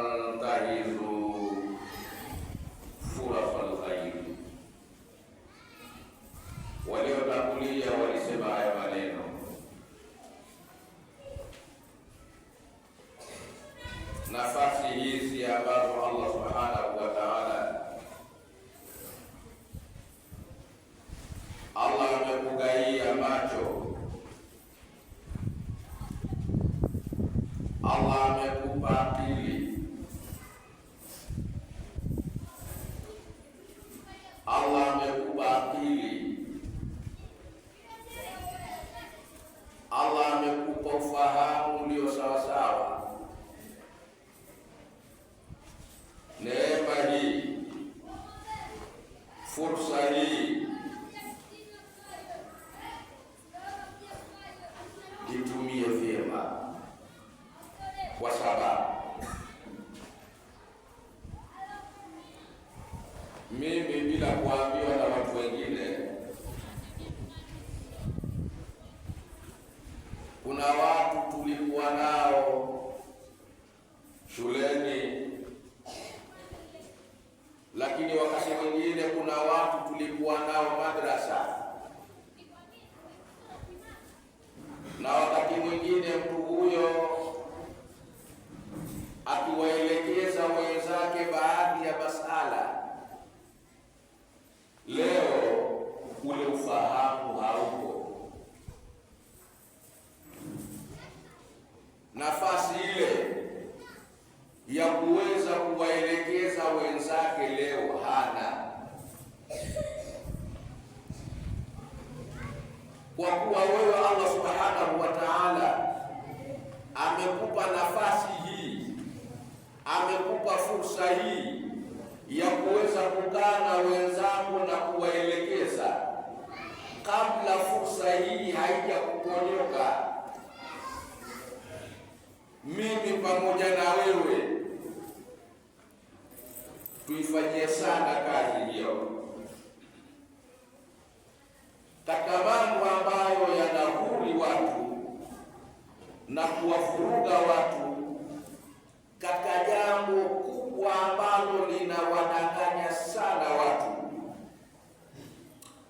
Andarilho. mimi bila kuambiwa na watu wengine. Kuna watu tulikuwa nao shuleni kuweza kuwaelekeza wenzake leo hana, kwa kuwa wewe Allah subhanahu wa ta'ala amekupa nafasi hii, amekupa fursa hii ya kuweza kukaa na wenzako na kuwaelekeza kabla fursa hii haijakuponyoka. Mimi pamoja na wewe tuifanyie sana kazi hiyo. Takamangu ambayo yanahuri watu na kuwafuruga watu katika jambo kubwa ambalo linawadanganya sana watu,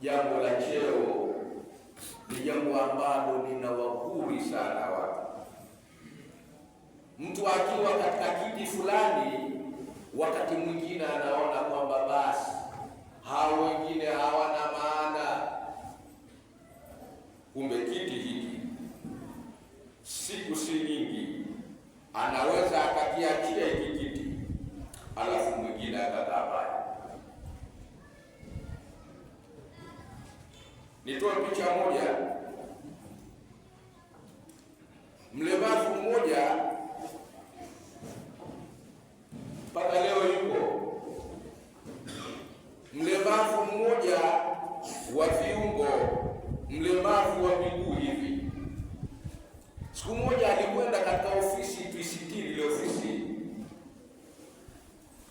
jambo la cheo ni jambo ambalo linawahuri sana watu. Mtu akiwa katika kiti fulani Wakati mwingine anaona kwamba basi hao wengine hawana maana, kumbe kiti hiki siku si nyingi anaweza akakiachia hiki kiti, alafu mwingine akakaa Nitoe picha moja, mlemavu mmoja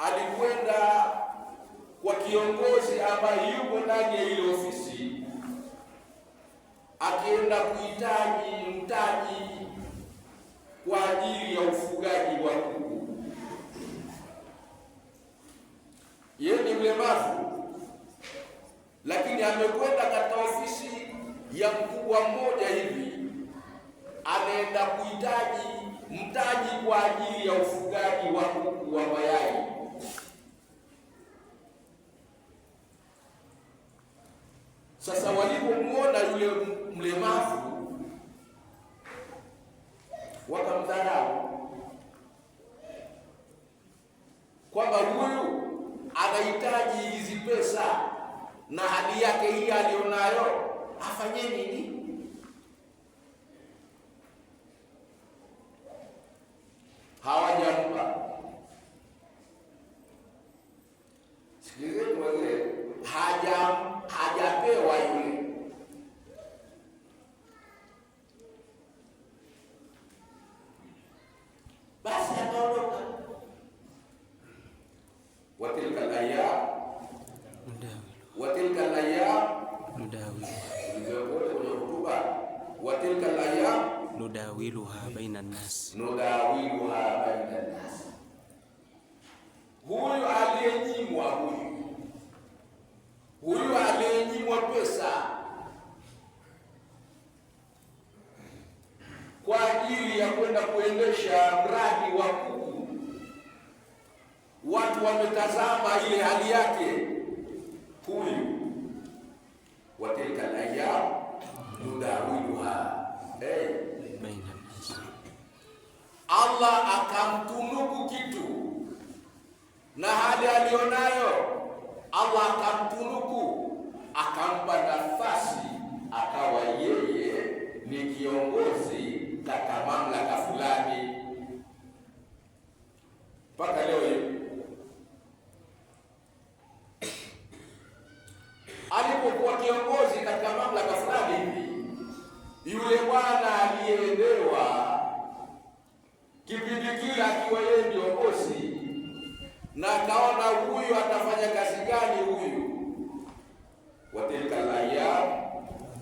alikwenda kwa kiongozi ambaye yuko ndani ya ile ofisi, akienda kuhitaji mtaji kwa ajili ya ufugaji wa kuku. Yeye ni mlemavu, lakini amekwenda katika ofisi ya mkubwa mmoja hivi, anaenda kuhitaji mtaji kwa ajili ya ufugaji wa kuku wa mayai. Sasa walipomwona yule mlemavu wakamdharau kwamba huyu anahitaji hizi pesa na hali yake hii aliyonayo afanye nini? nudawiluha baina nnas, nudawiluha baina nnas. Huyu aliyenyimwa huyu huyu aliyenyimwa pesa kwa ajili ya kwenda kuendesha mradi wa kuku, watu wametazama ile hali yake huyu watilka ayyam nudawiluha hey. Eh. Allah akamtunuku kitu na hali aliyonayo Allah akamtunuku, akampa nafasi, akawa yeye ni kiongozi katika mamlaka na akaona huyu atafanya kazi gani huyu. Watilka ayyam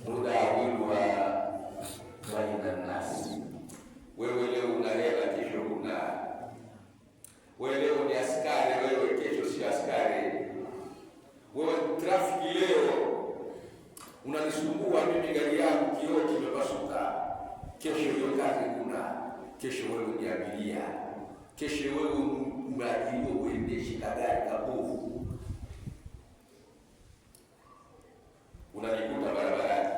nudawiluha baina nasi. Wewe leo una hela, kesho huna. Wewe leo ni askari, wewe kesho si askari. Wewe trafiki leo unanisumbua mimi, gari yangu kioo kimepasuka, kesho hiyo kazi kuna. Kesho wewe ni abiria, kesho wewe umeajiriwa uendeshe kagari kabovu, unajikuta barabarani.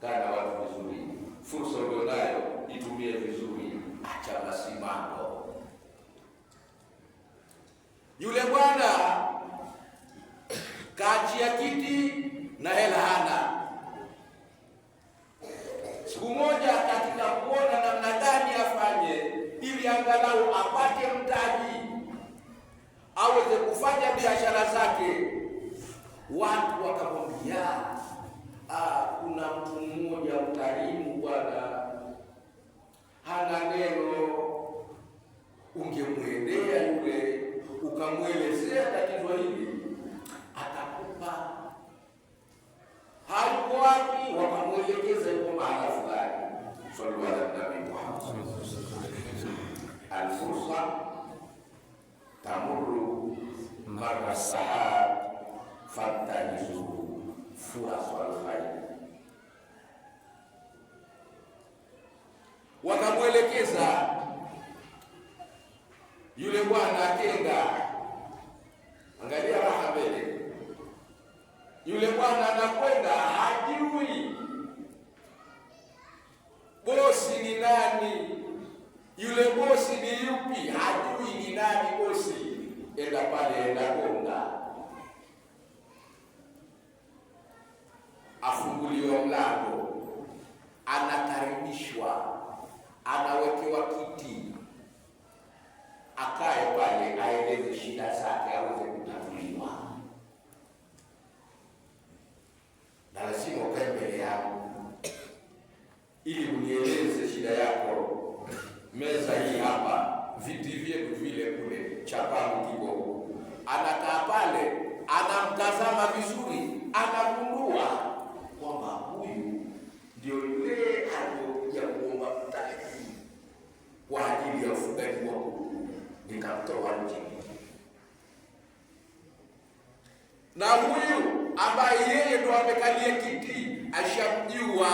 Kaa na watu vizuri, fursa ulionayo kufanya biashara zake, watu wakamwambia, ah, kuna mtu mmoja mkarimu bwana, hana neno. Ungemwendea yule ukamwelezea tatizo hili, atakupa. Hayuko wapi? Wakamwelekeza yuko mahala fulani. Sallu ala nabii Muhammad. Alfursa tamuru mara sahab fattanizuhu furasul Wakamwelekeza yule bwana akenda, angalia raha mbele. Yule bwana anakwenda hajui bosi ni nani, yule bosi ni yupi, hajui ni nani bosi enda pale, enda gonga, afunguliwa mlango, anakaribishwa, anawekewa kiti, akae pale, aeleze shida zake, aweze kutatuliwa. Na lazima ukae mbele yangu ili unieleze shida yako. Meza hii hapa, viti cha pangu anakaa pale, anamtazama vizuri, anagundua kwamba huyu ndio yule aliyokuja kuomba mtaji kwa ajili ya ufugaji wa kuku, nikamtoa nje. Na huyu ambaye yeye ndo amekalia kiti, ashamjua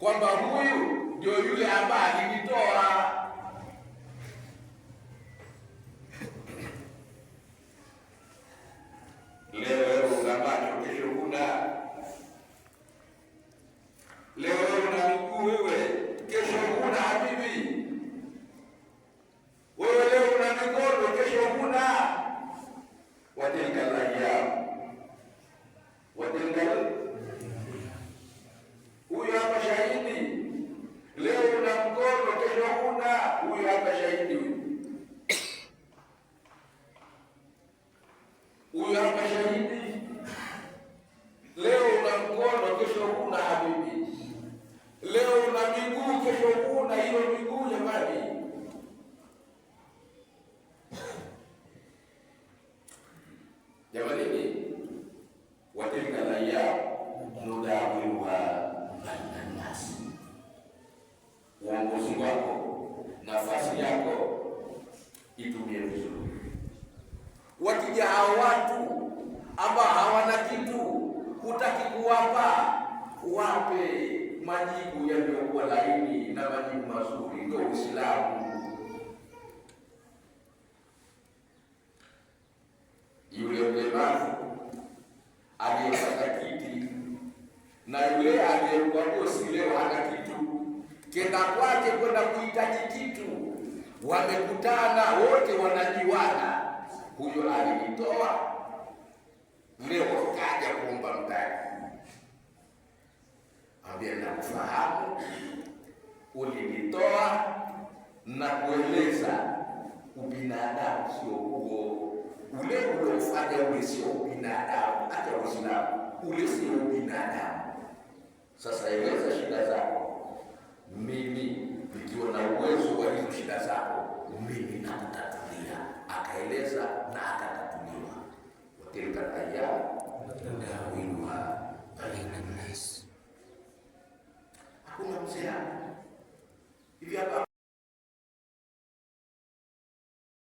kwamba huyu ndio yule ambaye alinitoa katika Uislamu. Yule mlemavu aliyepata kiti na yule aliyekuwa bosi leo hana kitu, kenda kwake kwenda kuhitaji kitu, wamekutana wote wanajiwana, huyo alijitoa leo kaja kuomba mtaji, ambia nakufahamu ulilitoa na kueleza ubinadamu sio huo, ule uliofanya ule sio ubinadamu, hata Uislamu ule sio ubinadamu. Sasa eleza shida zako, mimi nikiwa na uwezo wa hizo shida zako mimi nakutatulia. Akaeleza na akatatuliwa. watilka aya